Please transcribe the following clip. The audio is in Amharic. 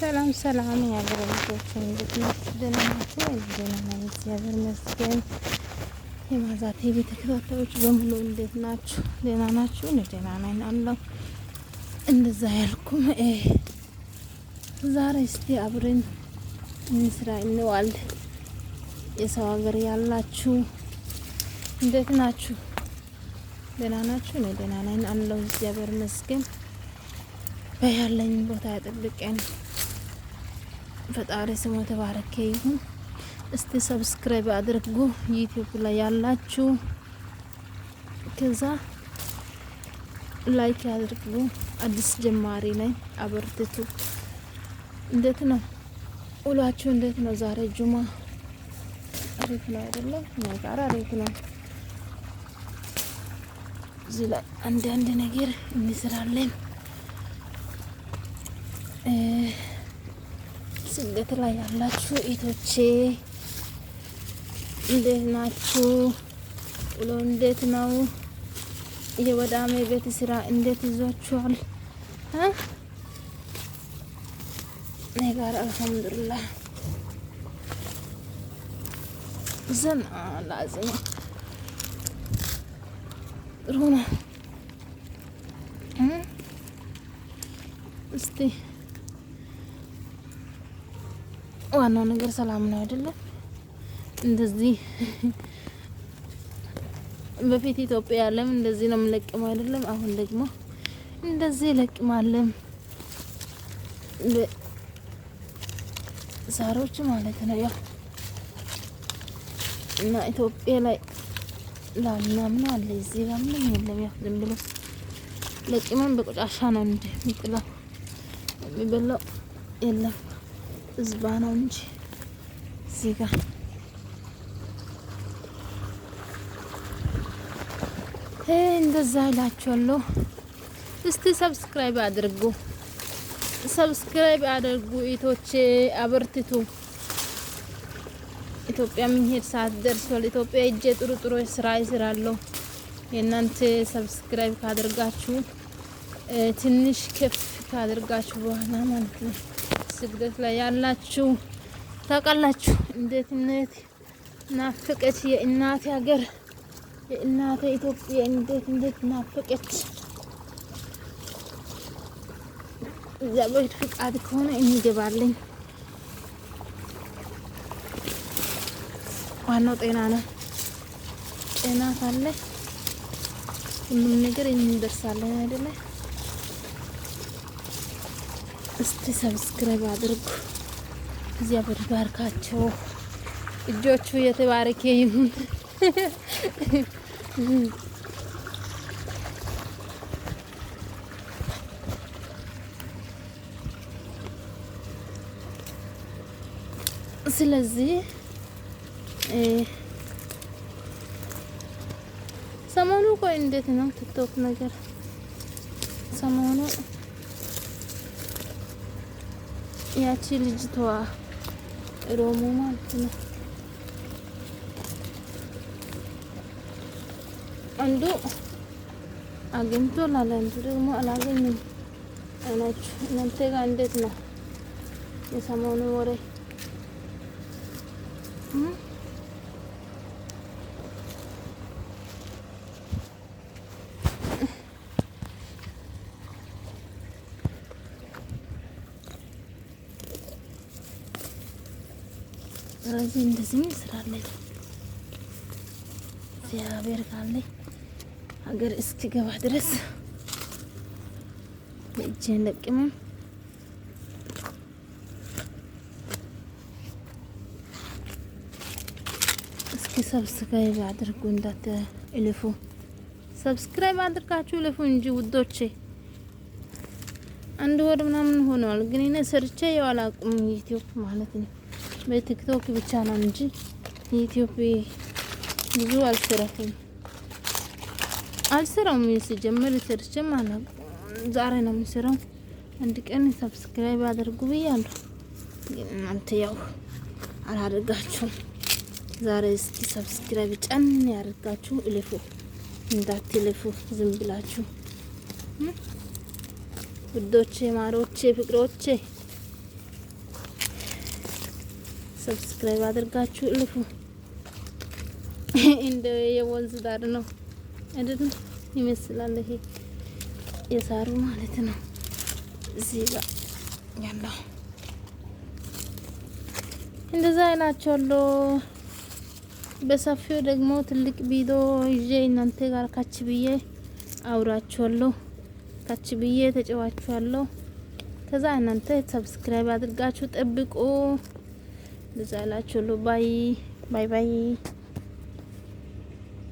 ሰላም ሰላም የሀገር ልጆች እንዴት ናችሁ? ደህና ናችሁ? ደህና ነኝ እግዚአብሔር ይመስገን። የማዛት የቤተ ተከታታዮች በሙሉ እንዴት ናችሁ? ደህና ናችሁ? እኔ ደህና ነኝ አለው። እንደዛ ያልኩም ዛሬ እስቲ አብረን እንስራ እንዋል። የሰው ሀገር ያላችሁ እንዴት ናችሁ? ደህና ናችሁ? እኔ ደህና ነኝ አለው። እግዚአብሔር ይመስገን። በያለኝ ቦታ ያጠብቀን። ፈጣሪ ስሙ የተባረከ ይሁን። እስቲ ሰብስክራይብ አድርጉ ዩቲዩብ ላይ ያላችሁ፣ ከዛ ላይክ አድርጉ። አዲስ ጀማሪ ነኝ፣ አበርትቱ። እንዴት ነው ውሏችሁ? እንዴት ነው ዛሬ ጁማ? አሪፍ ነው አይደለም? ነገር አሪፍ ነው። እዚህ ላይ አንዳንድ ነገር እንስራለን። በስደት ላይ ያላችሁ ኢቶቼ እንዴት ናችሁ? ውሎ እንዴት ነው? የወዳሜ ቤት ስራ እንዴት ይዟችኋል? እኔ ጋር አልሐምዱሊላህ ዘና ላዝም ጥሩ ነው። እስቲ ዋናው ነገር ሰላም ነው አይደለም? እንደዚህ በፊት ኢትዮጵያ ለም እንደዚህ ነው የምንለቅም አይደለም? አሁን ደግሞ እንደዚህ ለቅማለም ሳሮች ማለት ነው ያው እና ኢትዮጵያ ላይ ላም አለ፣ እዚህ ጋር ምንም የለም። ያው ዝም ብሎ ለቅመን በቆሻሻ ነው እንደ የሚጥለው የሚበላው የለም። እዝባ ነው እንጂ እዚህ ጋር እንደዛ ይላችኋለሁ። እስቲ ሰብስክራይብ አድርጉ፣ ሰብስክራይብ አድርጉ። ኢቶቼ፣ አበርትቱ። ኢትዮጵያ ምንሄድ ሰዓት ደርሷል። ኢትዮጵያ እጄ ጥሩ ጥሩ ስራ ይስራለሁ። የእናንተ ሰብስክራይብ ካደርጋችሁ ትንሽ ከፍ ካደርጋችሁ በኋላ ማለት ነው ስግደት ላይ ያላችሁ ታውቃላችሁ። እንዴት እንዴት ናፍቀች የእናቴ ሀገር የእናቴ ኢትዮጵያ እንዴት እንዴት ናፍቀች። እግዚአብሔር ፍቃድ ከሆነ እንገባለን። ዋናው ጤና ነው። ጤና ካለ ሁሉም ነገር እንደርሳለን አይደለም? እስቲ ሰብስክራይብ አድርጉ። እግዚአብሔር ባርካቸው። እጆቹ የተባረከ ይሁን። ስለዚህ ሰሞኑ ቆይ እንዴት ነው ቲክቶክ ነገር ሰሞኑ ያቺ ልጅቷ ሮሙ ማለት ነው። አንዱ አግኝቶ ላለ አንዱ ደግሞ አላገኝም አላችሁ። እናንተ ጋር እንዴት ነው የሰሞኑ ወሬ? ስለዚህ እንደዚህ ስራለች። እግዚአብሔር ካለ ሀገር እስኪገባ ድረስ እጄን ለቅመ እስኪ ሰብስክራይብ አድርጉ እንዳትልፉ። ሰብስክራይብ አድርጋችሁ ልፉ እንጂ ውዶቼ አንድ ወር ምናምን ሆነዋል፣ ግን እኔ ሰርቼ ያው አላውቅም ዩቲዩብ ማለት ነው። በቲክቶክ ብቻ ነው እንጂ የኢትዮጵ ብዙ አልሰራትም አልሰራውም። ምን ሲጀምር ሰርችም አላውቅም። ዛሬ ነው የምሰራው። አንድ ቀን ሰብስክራይብ አድርጉ ብያለሁ፣ ግን እናንተ ያው አላደርጋችሁም። ዛሬ እስኪ ሰብስክራይብ ጫን ያደርጋችሁ እልፉ፣ እንዳትልፉ ዝም ብላችሁ ውዶቼ፣ ማሮቼ፣ ፍቅሮቼ ሰብስክራይብ አድርጋችሁ ልፉ። እንደ የወንዝ ዳር ነው አይደለም ይመስላል። ይሄ የሳሩ ማለት ነው። እዚህ ጋር ያለው እንደዛ አይናቸዋለሁ። በሰፊው ደግሞ ትልቅ ቢዶ ይዤ እናንተ ጋር ካች ብዬ አውራችኋለሁ። ካች ብዬ ተጨዋችኋለሁ። ከዛ እናንተ ሰብስክራይብ አድርጋችሁ ጠብቁ። ልዛላችሁ ሁሉ ባይ ባይ ባይ